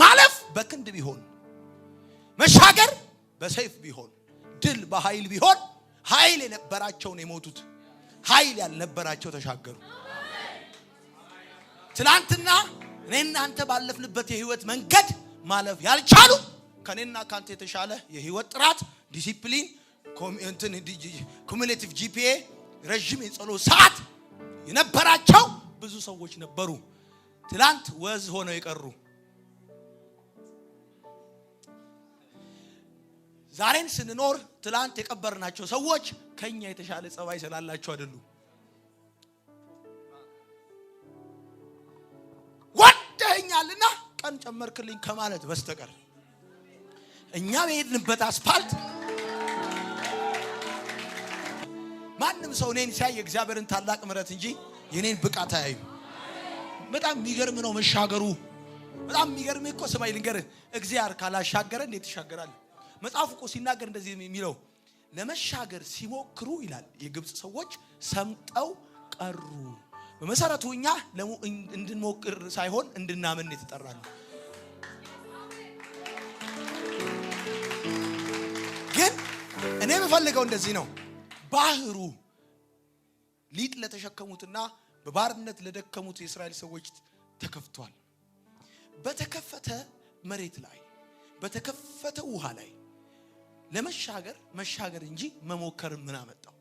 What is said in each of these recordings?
ማለፍ በክንድ ቢሆን፣ መሻገር በሰይፍ ቢሆን፣ ድል በኃይል ቢሆን ኃይል የነበራቸውን የሞቱት ኃይል ያልነበራቸው ተሻገሩ። ትናንትና እኔ እናንተ ባለፍንበት የህይወት መንገድ ማለፍ ያልቻሉ ከኔና ከአንተ የተሻለ የህይወት ጥራት፣ ዲሲፕሊን፣ ኩሙሌቲቭ ጂፒኤ፣ ረዥም የጸሎ ሰዓት የነበራቸው ብዙ ሰዎች ነበሩ። ትላንት ወዝ ሆነው የቀሩ ዛሬን ስንኖር ትላንት የቀበርናቸው ሰዎች ከኛ የተሻለ ጸባይ ስላላቸው አይደሉም። ወደኛልና ቀን ጨመርክልኝ ከማለት በስተቀር እኛ በሄድንበት አስፓልት ማንም ሰው እኔን ሲያይ የእግዚአብሔርን ታላቅ ምረት እንጂ የኔን ብቃት አያዩ። በጣም የሚገርም ነው መሻገሩ። በጣም የሚገርም እኮ ስማይ ልንገር እግዚአብሔር ካላሻገረ እንዴት ይሻገራል? መጽሐፉ እኮ ሲናገር እንደዚህ የሚለው ለመሻገር ሲሞክሩ ይላል የግብፅ ሰዎች ሰምጠው ቀሩ። በመሰረቱ እኛ እንድንሞክር ሳይሆን እንድናምን የተጠራ ነው። ግን እኔ የምፈልገው እንደዚህ ነው። ባህሩ ሊጥ ለተሸከሙትና በባርነት ለደከሙት የእስራኤል ሰዎች ተከፍቷል። በተከፈተ መሬት ላይ በተከፈተ ውሃ ላይ ለመሻገር መሻገር እንጂ መሞከር ምን አመጣው?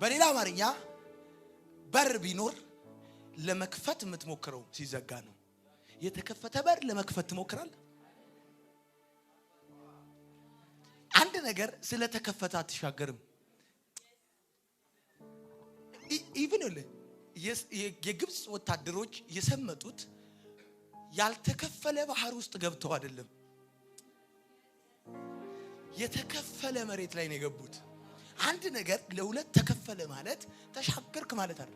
በሌላ አማርኛ በር ቢኖር ለመክፈት የምትሞክረው ሲዘጋ ነው። የተከፈተ በር ለመክፈት ትሞክራል። አንድ ነገር ስለተከፈተ አትሻገርም። ኢቭን የግብፅ ወታደሮች የሰመጡት ያልተከፈለ ባህር ውስጥ ገብተው አይደለም የተከፈለ መሬት ላይ ነው የገቡት። አንድ ነገር ለሁለት ተከፈለ ማለት ተሻገርክ ማለት አለ።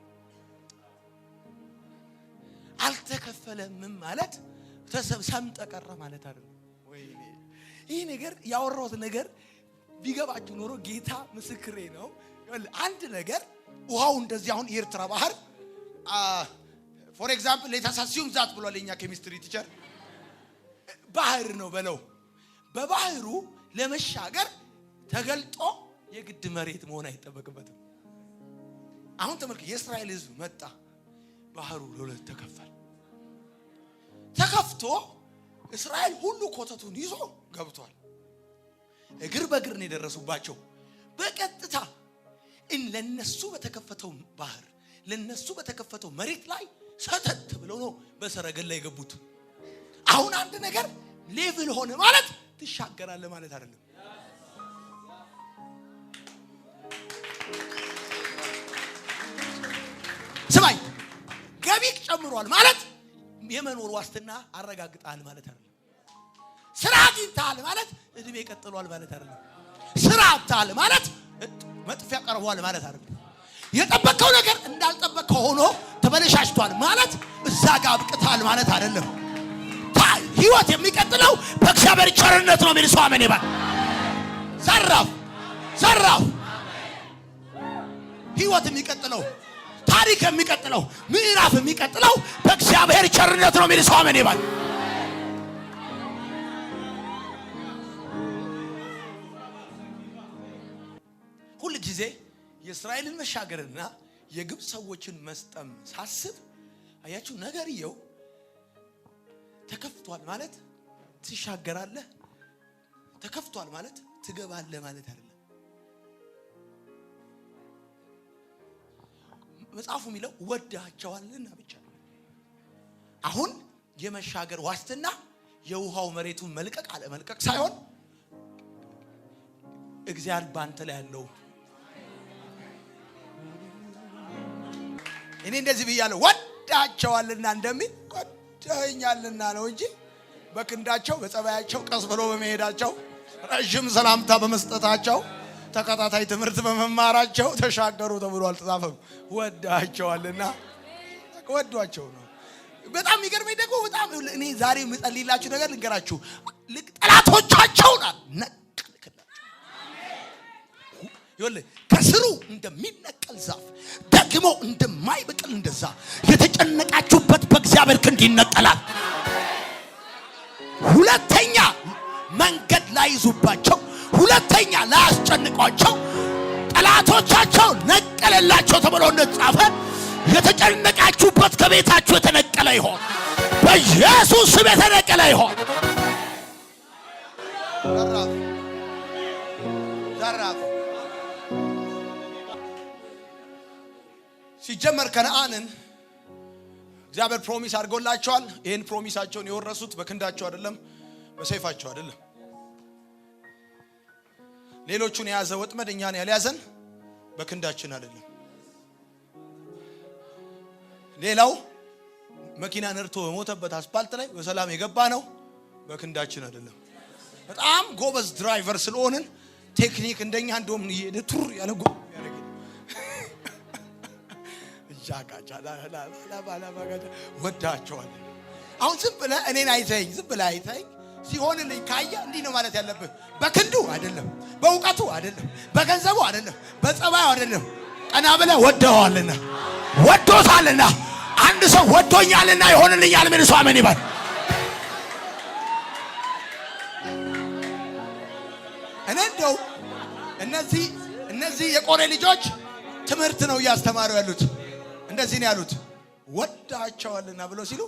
አልተከፈለምም ማለት ሰምጠ ቀረ ማለት አለ። ይህ ነገር ያወራሁት ነገር ቢገባችሁ ኖሮ ጌታ ምስክሬ ነው። አንድ ነገር ውሃው እንደዚህ አሁን የኤርትራ ባህር ፎር ኤግዛምፕል ሌታሳሲዩም ዛት ብሏል የኛ ኬሚስትሪ ቲቸር ባህር ነው በለው በባህሩ ለመሻገር ተገልጦ የግድ መሬት መሆን አይጠበቅበትም። አሁን ተመልከት፣ የእስራኤል ህዝብ መጣ፣ ባህሩ ለሁለት ተከፈለ። ተከፍቶ እስራኤል ሁሉ ኮተቱን ይዞ ገብቷል። እግር በእግር ነው የደረሱባቸው። በቀጥታ ለነሱ በተከፈተው ባህር ለነሱ በተከፈተው መሬት ላይ ሰተት ብለው ነው በሰረገላ የገቡት። አሁን አንድ ነገር ሌቭል ሆነ ማለት ትሻገራለህ ማለት አይደለም። ስማኝ፣ ገቢ ጨምሯል ማለት የመኖር ዋስትና አረጋግጣል ማለት አይደለም። ስራ አግኝተሃል ማለት እድሜ ቀጥሏል ማለት አይደለም። ስራ አጥተሃል ማለት መጥፊያ ቀርቧል ማለት አይደለም። የጠበቀው ነገር እንዳልጠበቀው ሆኖ ተበለሻሽቷል ማለት እዛ ጋር አብቅታል ማለት አይደለም። ህይወት የሚቀጥለው በእግዚአብሔር ቸርነት ነው የሚል ሰው አሜን ይባል። ሰራሁ ሰራሁ። ህይወት የሚቀጥለው ታሪክ የሚቀጥለው ምዕራፍ የሚቀጥለው በእግዚአብሔር ቸርነት ነው የሚል ሰው አሜን ይባል። ሁል ጊዜ የእስራኤልን መሻገርና የግብፅ ሰዎችን መስጠም ሳስብ አያችሁ ነገር የው ተከፍቷል ማለት ትሻገራለህ። ተከፍቷል ማለት ትገባለህ ማለት አይደለም። መጽሐፉ የሚለው ወዳቸዋልና ብቻ አሁን የመሻገር ዋስትና የውሃው መሬቱን መልቀቅ አለመልቀቅ ሳይሆን እግዚአብሔር ባንተ ላይ ያለው እኔ እንደዚህ ብያለሁ ወዳቸዋልና እንደሚል ረድተኸኛልና ነው እንጂ በክንዳቸው በጸባያቸው ቀስ ብሎ በመሄዳቸው ረዥም ሰላምታ በመስጠታቸው ተከታታይ ትምህርት በመማራቸው ተሻገሩ ተብሎ አልተጻፈም። ወዳቸዋልና ወዷቸው ነው። በጣም የሚገርመኝ ደግሞ በጣም እኔ ዛሬ የምጸልይላችሁ ነገር ልንገራችሁ። ጠላቶቻቸውን ነቀልክላቸው። ከስሩ እንደሚነቀል ዛፍ ደግሞ እንደማይበቅል እንደዛ የተጨነቃችሁበት ከእግዚአብሔር ክንድ ይነጠላል። ሁለተኛ መንገድ ላይዙባቸው፣ ሁለተኛ ላያስጨንቋቸው ጠላቶቻቸው ነቀለላቸው ተብሎ እንደተጻፈ የተጨነቃችሁበት ከቤታችሁ የተነቀለ ይሆን፣ በኢየሱስ ስም የተነቀለ ይሆን። ሲጀመር ከነአንን እግዚአብሔር ፕሮሚስ አድርጎላቸዋል። ይህን ፕሮሚሳቸውን የወረሱት በክንዳቸው አይደለም፣ በሰይፋቸው አይደለም። ሌሎቹን የያዘ ወጥመድ እኛን ያልያዘን በክንዳችን አይደለም። ሌላው መኪና ነድቶ በሞተበት አስፓልት ላይ በሰላም የገባ ነው፣ በክንዳችን አይደለም። በጣም ጎበዝ ድራይቨር ስለሆንን ቴክኒክ እንደኛ እንደውም ቱር ያለ ወዳቸዋል። አሁን ዝም ብለህ እኔን አይተኸኝ ዝም ብለህ አይተኸኝ ሲሆንልኝ ካየህ እንዲህ ነው ማለት ያለብህ። በክንዱ አይደለም፣ በእውቀቱ አይደለም፣ በገንዘቡ አይደለም፣ በጸባዩ አይደለም። ቀና ብለህ ወደዋልና ወዶታልና አንድ ሰው ወዶኛልና ይሆንልኛል። ምን ሰው አመን ይባል። እኔ እንደው እነዚህ እነዚህ የቆሬ ልጆች ትምህርት ነው እያስተማሩ ያሉት። እንደዚህ ነው ያሉት ወዳቸዋልና ብለው ሲሉ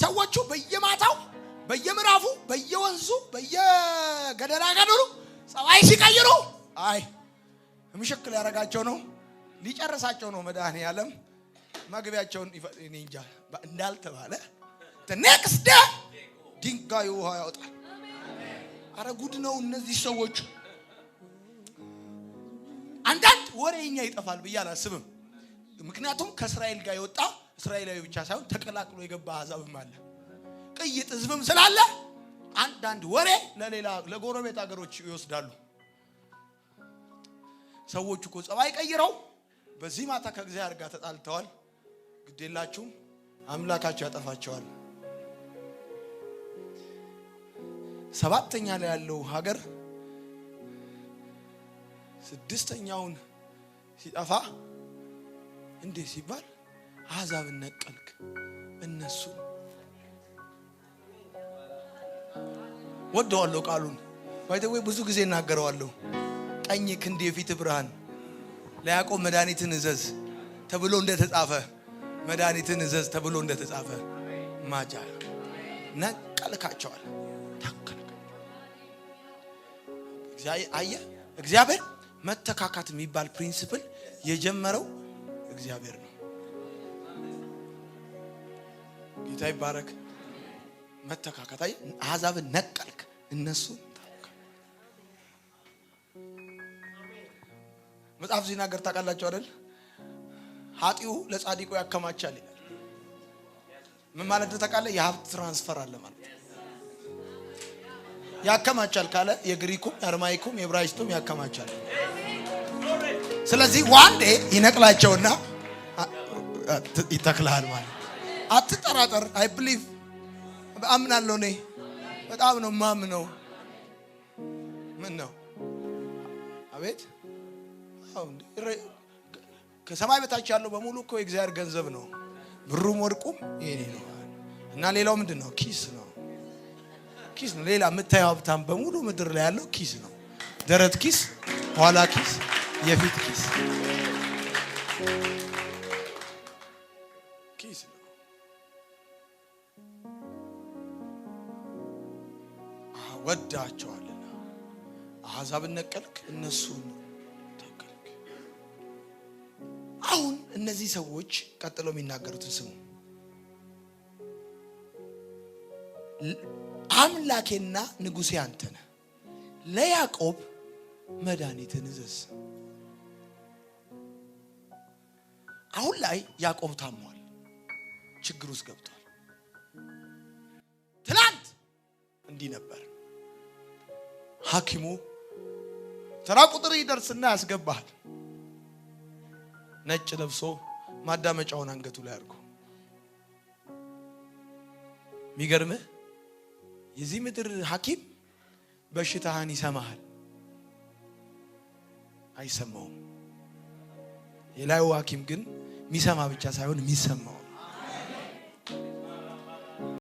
ሰዎቹ በየማታው በየምዕራፉ በየወንዙ በየገደላ ገደሉ ጸባይ ሲቀይሩ አይ ምሽክል ያደረጋቸው ነው ሊጨርሳቸው ነው መድኃኔ ያለም መግቢያቸውን እንጃ እንዳልተባለ ኔክስት ደ ድንጋዩ ውሃ ያወጣል። አረ ጉድ ነው እነዚህ ሰዎች። አንዳንድ ወሬኛ ይጠፋል ብዬ አላስብም። ምክንያቱም ከእስራኤል ጋር የወጣ እስራኤላዊ ብቻ ሳይሆን ተቀላቅሎ የገባ አሕዛብም አለ። ቅይጥ ህዝብም ስላለ አንዳንድ ወሬ ለሌላ ለጎረቤት ሀገሮች ይወስዳሉ። ሰዎቹ እኮ ጸባይ ቀይረው በዚህ ማታ ከእግዚአብሔር ጋር ተጣልተዋል። ግዴላችሁም አምላካቸው ያጠፋቸዋል። ሰባተኛ ላይ ያለው ሀገር ስድስተኛውን ሲጠፋ እንዴት ሲባል አዛብ ነቀልክ እነሱ ወደዋለሁ ቃሉን ባይተወይ ብዙ ጊዜ እናገረዋለሁ። ቀኝ ክንድ የፊት ብርሃን ለያዕቆብ መድኃኒትን እዘዝ ተብሎ እንደተጻፈ መድኃኒትን እዘዝ ተብሎ እንደተጻፈ ማጃ ነቀልካቸዋል። አየህ፣ እግዚአብሔር መተካካት የሚባል ፕሪንስፕል የጀመረው እግዚአብሔር ነው። ጌታ ይባረክ። መተካከት አይ አሕዛብን ነቀልክ፣ እነሱ መጽሐፍ ገር ታውቃላችሁ አይደል? ኃጢው ለጻዲቁ ያከማቻል ይላል። ምን ማለት ነው የሀብት ትራንስፈር አለ ማለት ያከማቻል ካለ የግሪኩም የአርማይኩም የብራይስቱም ያከማቻል ስለዚህ ዋንዴ ይነቅላቸውና ይተክልሃል ማለት አትጠራጠር። አይ ብሊቭ አምናለሁ። እኔ በጣም ነው ማምነው። ምን ነው አቤት ከሰማይ በታች ያለው በሙሉ እኮ የእግዚአብሔር ገንዘብ ነው። ብሩም ወርቁም የኔ ነው እና ሌላው ምንድን ነው? ኪስ ነው፣ ኪስ ነው። ሌላ የምታየው ሀብታም በሙሉ ምድር ላይ ያለው ኪስ ነው። ደረት ኪስ፣ ኋላ ኪስ የፊት ኪስ ኪስ ነው። ወዳቸዋልና አሕዛብን ነቀልክ፣ እነሱን ተከልክ። አሁን እነዚህ ሰዎች ቀጥለው የሚናገሩትን ስሙ። አምላኬና ንጉሴ አንተ ነህ፣ ለያዕቆብ መድኃኒትን እዘዝ አሁን ላይ ያዕቆብ ታሟል፣ ችግር ውስጥ ገብቷል። ትናንት እንዲህ ነበር። ሐኪሙ ተራ ቁጥር ይደርስና ያስገባሃል። ነጭ ለብሶ ማዳመጫውን አንገቱ ላይ አድርጎ የሚገርምህ የዚህ ምድር ሐኪም በሽታህን ይሰማሃል አይሰማውም። የላዩ ሐኪም ግን የሚሰማ ብቻ ሳይሆን የሚሰማው